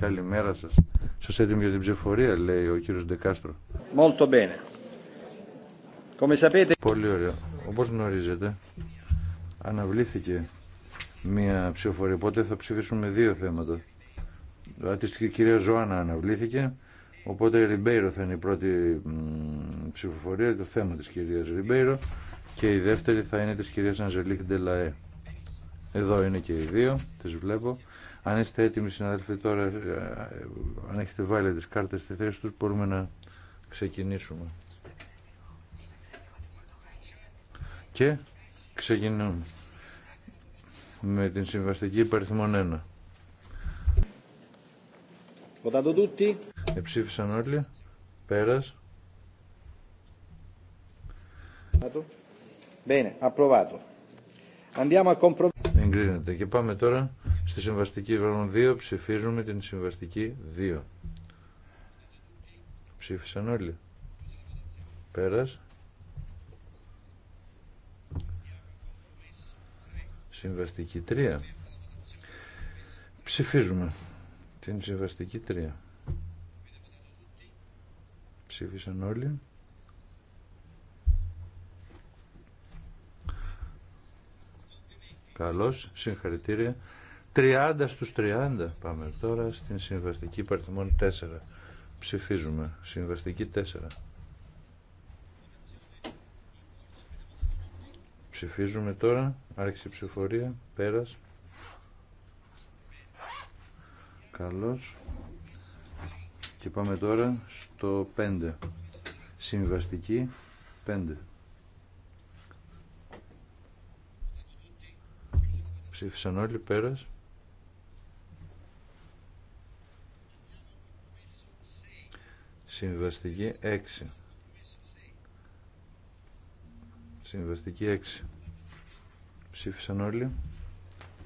Καλημέρα σας. Σας έτοιμοι για την ψηφορία, λέει ο κύριος Ντεκάστρο. Πολύ ωραία. Όπως γνωρίζετε, αναβλήθηκε μία ψηφοφορία, οπότε θα ψηφίσουμε δύο θέματα. Η κυρία Ζωάνα αναβλήθηκε, οπότε η Ριμπέιρο θα είναι η πρώτη ψηφοφορία, το θέμα της κυρίας Ριμπέιρο, και η δεύτερη θα είναι της κυρίας Ανζελίκ Ντελαέ. Εδώ είναι και οι δύο, τις βλέπω. Αν είστε έτοιμοι συναδελφοί τώρα, ε, ε, αν έχετε βάλει τις κάρτες στη θέση τους, μπορούμε να ξεκινήσουμε. Και ξεκινούμε με την συμβαστική υπαριθμόν 1. Εψήφισαν όλοι. Πέρας. Bene, approvato. Andiamo al εγκρίνεται. Και πάμε τώρα στη συμβαστική 2. Ψηφίζουμε την συμβαστική 2. Ψήφισαν όλοι. Πέρας. Συμβαστική 3. Ψηφίζουμε την συμβαστική 3. Ψήφισαν όλοι. Καλώς, συγχαρητήρια. 30 στους 30. Πάμε τώρα στην συμβαστική παριθμών 4. Ψηφίζουμε. Συμβαστική 4. Ψηφίζουμε τώρα. Άρχισε η ψηφορία. Πέρας. Καλώς. Και πάμε τώρα στο 5. Συμβαστική 5. Ψήφισαν όλοι πέρας. Συμβαστική 6. Συμβαστική 6. Ψήφισαν όλοι.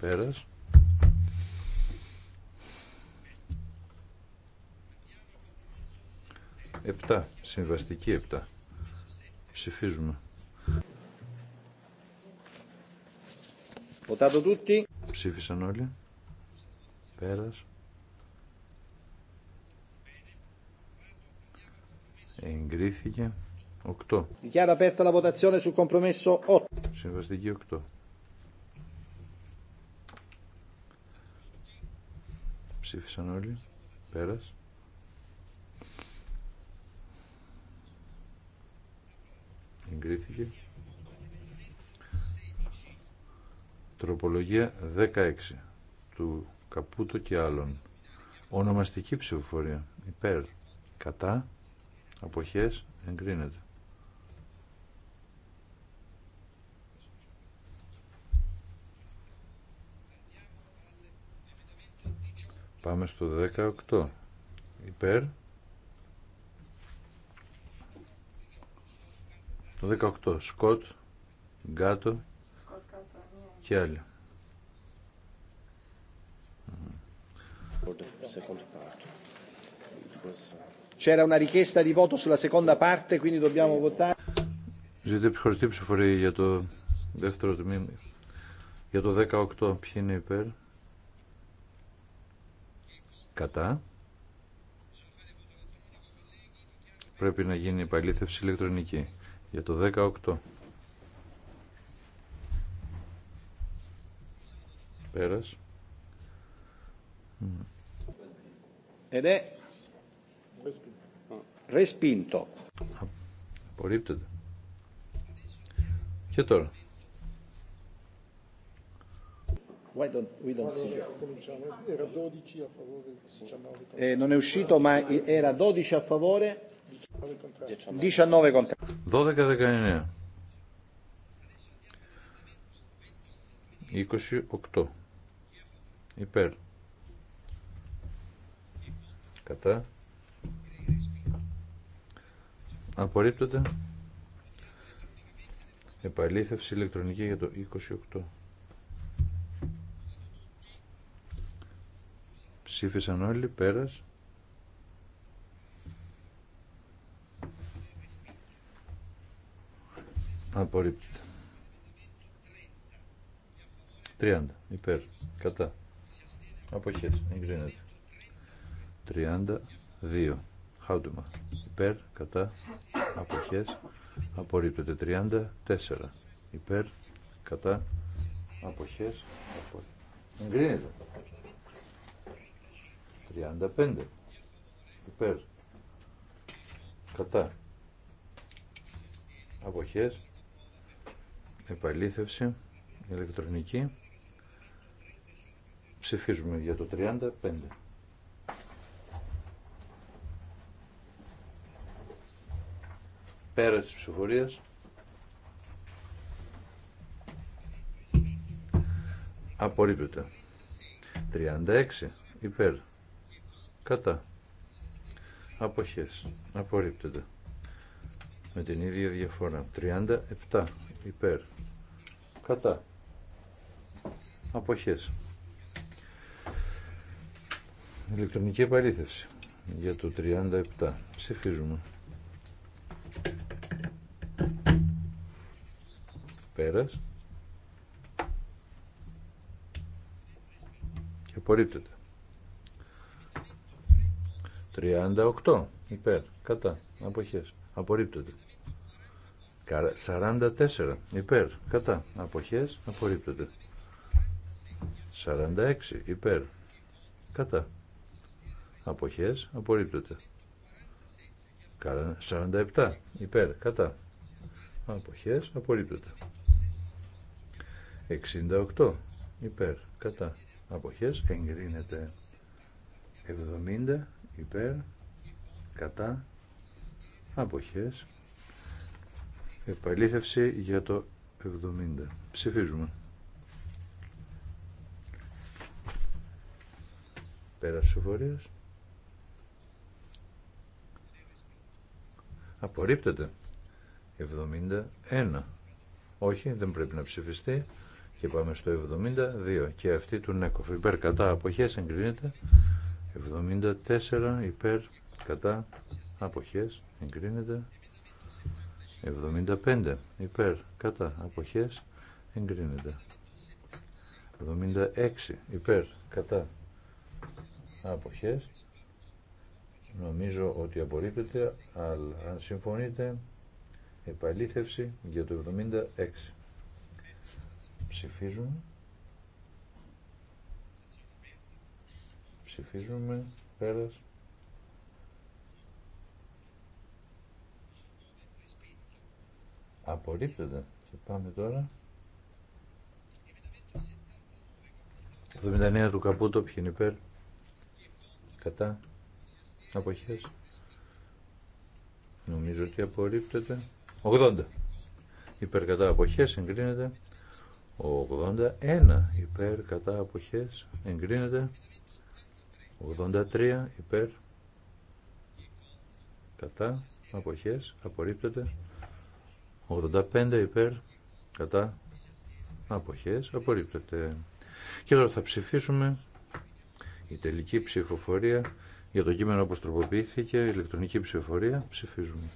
Πέρας. 7. Συμβαστική 7. Ψηφίζουμε. Votato tutti. Ψήφισαν όλοι. Πέρας. Εγκρίθηκε. 8. Συμβαστική Ψήφισαν όλοι. Πέρας. Εγκρίθηκε. Τροπολογία 16 του Καπούτο και άλλων. Ονομαστική ψηφοφορία. Υπέρ. Κατά. Αποχές. Εγκρίνεται. Πάμε στο 18. Υπέρ. Το 18. Σκοτ. Γκάτο και άλλοι. C'era una richiesta di voto sulla seconda parte, quindi dobbiamo votare. Ζητείτε επιχωριστή ψηφορία για το δεύτερο τμήμα. Για το 18, ποιοι είναι υπέρ. Κατά. Πρέπει να γίνει επαλήθευση ηλεκτρονική. Για το 18. Πέρας. Ed è respinto. Απορρίπτεται. Και τώρα. Why don't, we don't see. Era 12 a favore, 19 eh, non è uscito ma era 12 a favore, 19 contro. 12-19. 28 υπέρ κατά απορρίπτεται επαλήθευση ηλεκτρονική για το 28 ψήφισαν όλοι πέρας απορρίπτεται 30 υπέρ κατά Αποχές. Εγκρίνεται. 32. Χάουτουμα. Υπέρ. Κατά. Αποχές. Απορρίπτεται. 34. Υπέρ. Κατά. Αποχές. Εγκρίνεται. 35. Υπέρ. Κατά. Αποχές. Επαλήθευση. Ηλεκτρονική. Ψηφίζουμε για το 35. Πέρα της ψηφορίας. Απορρίπτεται. 36 υπέρ. Κατά. Αποχές. Απορρίπτεται. Με την ίδια διαφορά. 37 υπέρ. Κατά. Αποχές ηλεκτρονική επαλήθευση για το 37. Ψηφίζουμε. Πέρας. Και απορρίπτεται. 38. Υπέρ. Κατά. Αποχές. Απορρίπτεται. 44. Υπέρ. Κατά. Αποχές. Απορρίπτεται. 46. Υπέρ. Κατά αποχές Καλά, 47 υπέρ κατά αποχές Απορρίπτωται. 68 υπέρ κατά αποχές εγκρίνεται 70 υπέρ κατά αποχές επαλήθευση για το 70 ψηφίζουμε πέρας φορείας. Απορρίπτεται. 71. Όχι, δεν πρέπει να ψηφιστεί. Και πάμε στο 72. Και αυτή του Νέκοφ. Υπέρ κατά αποχές εγκρίνεται. 74. Υπέρ κατά αποχές εγκρίνεται. 75. Υπέρ κατά αποχές εγκρίνεται. 76. Υπέρ κατά αποχές Νομίζω ότι απορρίπτεται, αλλά αν συμφωνείτε, επαλήθευση για το 76. Ψηφίζουμε. Ψηφίζουμε. Πέρας. Απορρίπτεται. Και πάμε τώρα. 79 του Καπούτο, ποιοι είναι υπέρ. Κατά αποχές νομίζω ότι απορρίπτεται 80 υπέρ κατά αποχές εγκρίνεται 81 υπέρ κατά αποχές εγκρίνεται 83 υπέρ κατά αποχές απορρίπτεται 85 υπέρ κατά αποχές απορρίπτεται και τώρα θα ψηφίσουμε η τελική ψηφοφορία για το κείμενο όπως τροποποιήθηκε, ηλεκτρονική ψηφοφορία, ψηφίζουμε.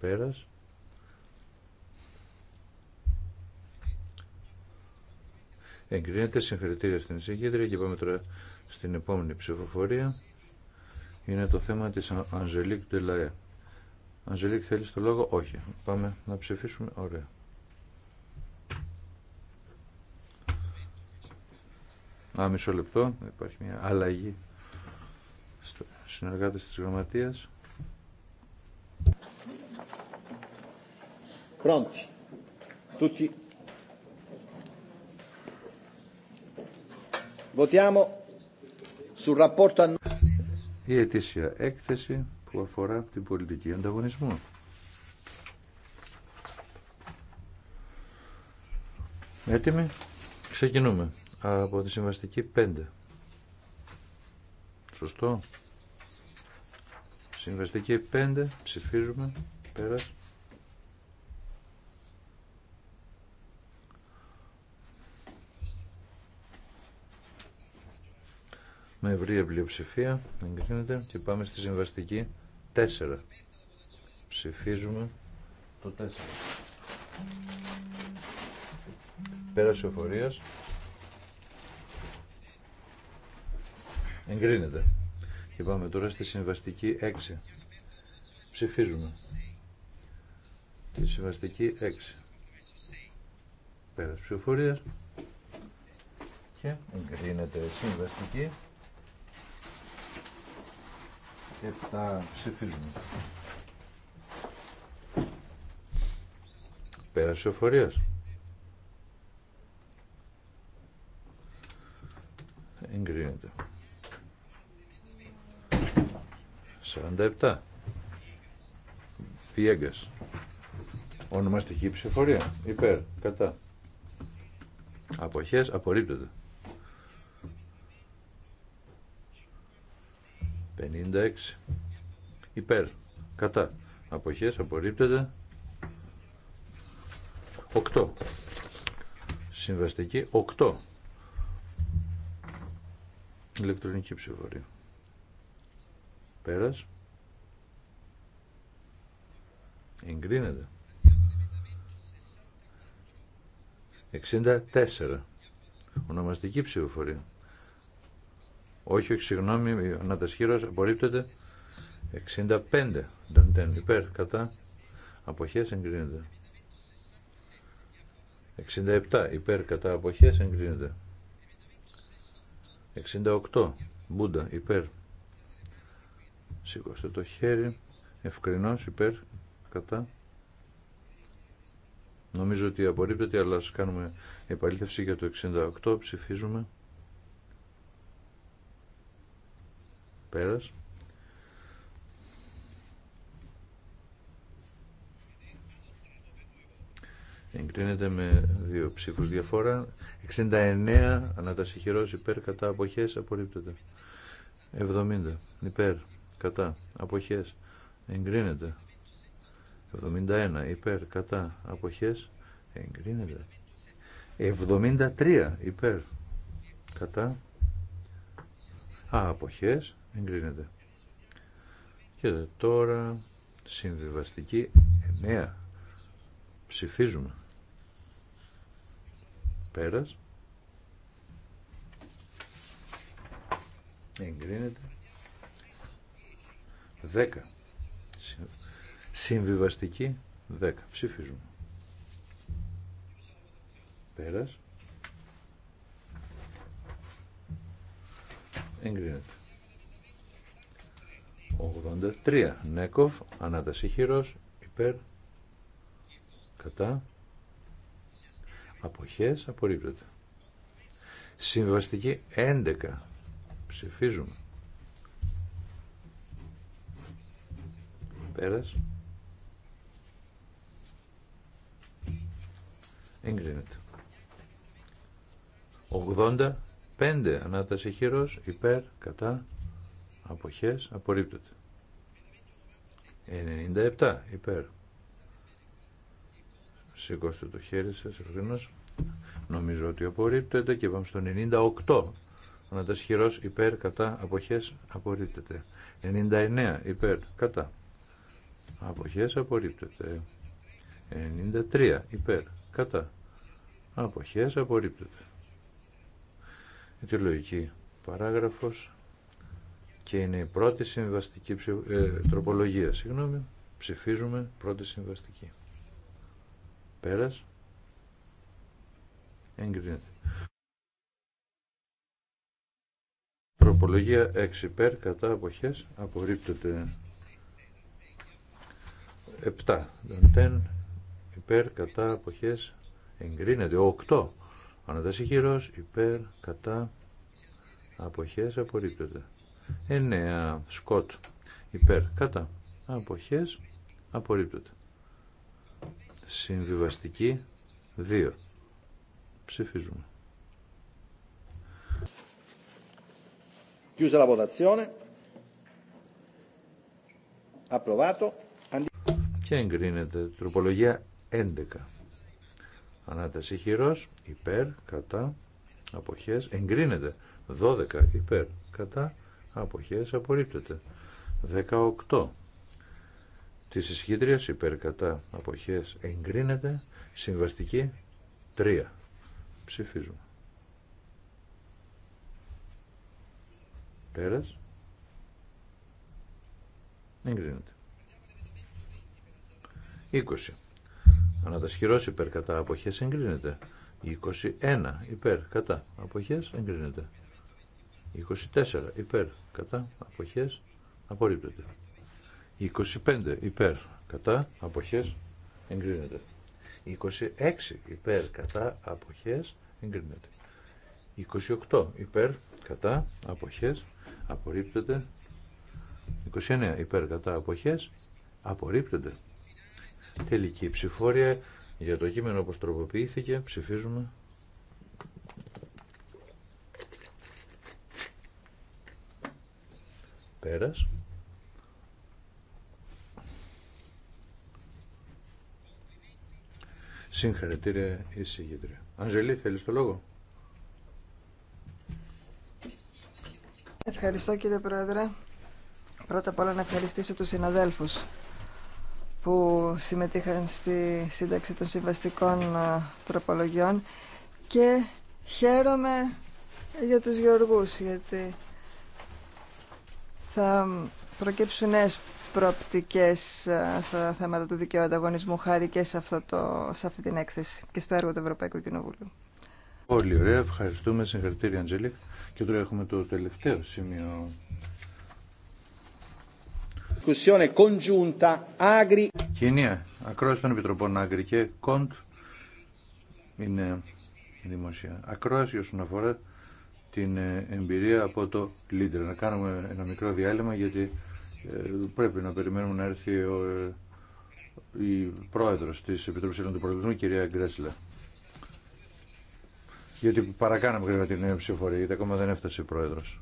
Πέρας. Εγκρίνεται συγχαρητήρια στην συγκέντρια και πάμε τώρα στην επόμενη ψηφοφορία. Είναι το θέμα της Ανζελίκ Τελαέ. Ανζελίκ θέλεις το λόγο, όχι. Πάμε να ψηφίσουμε, ωραία. Α, μισό λεπτό. Υπάρχει μια αλλαγή στο συνεργάτες της γραμματείας. Βοτιάμο. Η ετήσια έκθεση που αφορά την πολιτική ανταγωνισμού. Έτοιμοι. Ξεκινούμε από τη συμβαστική 5. Σωστό. Συμβαστική 5. Ψηφίζουμε. Πέρας. Με ευρία πλειοψηφία εγκρίνεται και πάμε στη συμβαστική 4. Ψηφίζουμε το 4. Πέρασε ο Εγκρίνεται. Και πάμε τώρα στη συμβαστική 6. Ψηφίζουμε. Τη συμβαστική 6. Πέρα ψηφοφορία. Και εγκρίνεται συμβαστική. Και τα Ψηφίζουμε. Πέρα ψηφοφορία. Εγκρίνεται. 47. Βιέγκας. Ονομαστική ψηφορία. Υπέρ. Κατά. Αποχές. Απορρίπτεται. 56. Υπέρ. Κατά. Αποχές. Απορρίπτεται. 8. Συμβαστική 8. Ηλεκτρονική ψηφορία. Πέρας. Εγκρίνεται. 64. Ονομαστική ψηφοφορία. Όχι, όχι, συγγνώμη, ο απορρίπτεται. 65. Νταντέν, υπέρ, κατά. Αποχές εγκρίνεται. 67. Υπέρ, κατά. Αποχές εγκρίνεται. 68. Μπούντα, υπέρ, σηκώστε το χέρι ευκρινώς υπέρ κατά νομίζω ότι απορρίπτεται αλλά κάνουμε επαλήθευση για το 68 ψηφίζουμε πέρας Εγκρίνεται με δύο ψήφους διαφορά. 69 ανατασυχηρός υπέρ κατά αποχές απορρίπτεται. 70 υπέρ κατά αποχές εγκρίνεται 71 υπέρ κατά αποχές εγκρίνεται 73 υπέρ κατά α, αποχές εγκρίνεται και τώρα συμβιβαστική 9 ψηφίζουμε πέρας εγκρίνεται 10. Συμβιβαστική 10. Ψηφίζουμε. Πέρας. Εγκρίνεται. 83. Νέκοφ. Ανάταση χειρός. Υπέρ. Κατά. Αποχές. Απορρίπτεται. Συμβιβαστική 11. Ψηφίζουμε. Εγκρίνεται. 85 ανάταση χειρός υπέρ κατά αποχές απορρίπτωται. 97 υπέρ. Σηκώστε το χέρι σας ευγενώς. Νομίζω ότι απορρίπτεται και πάμε στο 98. Ανατασχυρός υπέρ κατά αποχές απορρίπτεται. 99 υπέρ κατά Αποχές απορρίπτεται. 93 υπέρ. Κατά. Αποχές απορρίπτεται. Αιτιολογική παράγραφος και είναι η πρώτη συμβαστική ε, τροπολογία. Συγγνώμη, ψηφίζουμε πρώτη συμβαστική. Πέρας. Εγκρίνεται. Τροπολογία 6 υπέρ κατά αποχές απορρίπτεται. Επτά, δεν, υπέρ κατά αποχές εγκρίνεται 8 ανατάσσει χειρός υπέρ κατά αποχές απορρίπτεται Εννέα, σκοτ υπέρ κατά αποχές απορρίπτεται συμβιβαστική δύο. ψηφίζουμε Chiusa la votazione. Approvato και εγκρίνεται τροπολογία 11 ανάταση χειρός υπέρ κατά αποχές εγκρίνεται 12 υπέρ κατά αποχές απορρίπτεται 18 της ισχύτριας υπέρ κατά αποχές εγκρίνεται συμβαστική 3 ψηφίζουμε πέρας εγκρίνεται 20. Ανατασχυρό υπέρ κατά αποχές εγκρίνεται. 21 υπέρ κατά αποχές εγκρίνεται. 24 υπέρ κατά αποχές απορρίπτεται. 25 υπέρ κατά αποχές εγκρίνεται. 26 υπέρ κατά αποχές εγκρίνεται. 28 υπέρ κατά αποχές απορρίπτεται. 29 υπέρ κατά αποχές απορρίπτεται. Τελική ψηφόρια για το κείμενο όπως τροποποιήθηκε. Ψηφίζουμε. Πέρας. Συγχαρητήρια η συγκεντρία. Αντζελή, θέλεις το λόγο. Ευχαριστώ κύριε Πρόεδρε. Πρώτα απ' όλα να ευχαριστήσω τους συναδέλφους που συμμετείχαν στη σύνταξη των συμβαστικών ε, τροπολογιών και χαίρομαι για τους γεωργούς γιατί θα προκύψουν νέες προοπτικές ε, στα θέματα του δικαίου ανταγωνισμού χάρη και σε, αυτό το, σε αυτή την έκθεση και στο έργο του Ευρωπαϊκού Κοινοβουλίου. Πολύ ωραία, ευχαριστούμε, συγχαρητήρια Αντζέλικ. Και τώρα έχουμε το τελευταίο σημείο Κοινία, ακρόαση των Επιτροπών Άγκρη και Κοντ είναι δημοσία. Ακρόαση όσον αφορά την ε, εμπειρία από το Λίντερ. Να κάνουμε ένα μικρό διάλειμμα γιατί ε, πρέπει να περιμένουμε να έρθει ο, ε, η πρόεδρος της Επιτροπής Ελληνικού Προεδρισμού, κυρία Γκρέσλα Γιατί παρακάναμε γρήγορα την ψηφορία, γιατί ακόμα δεν έφτασε η πρόεδρος.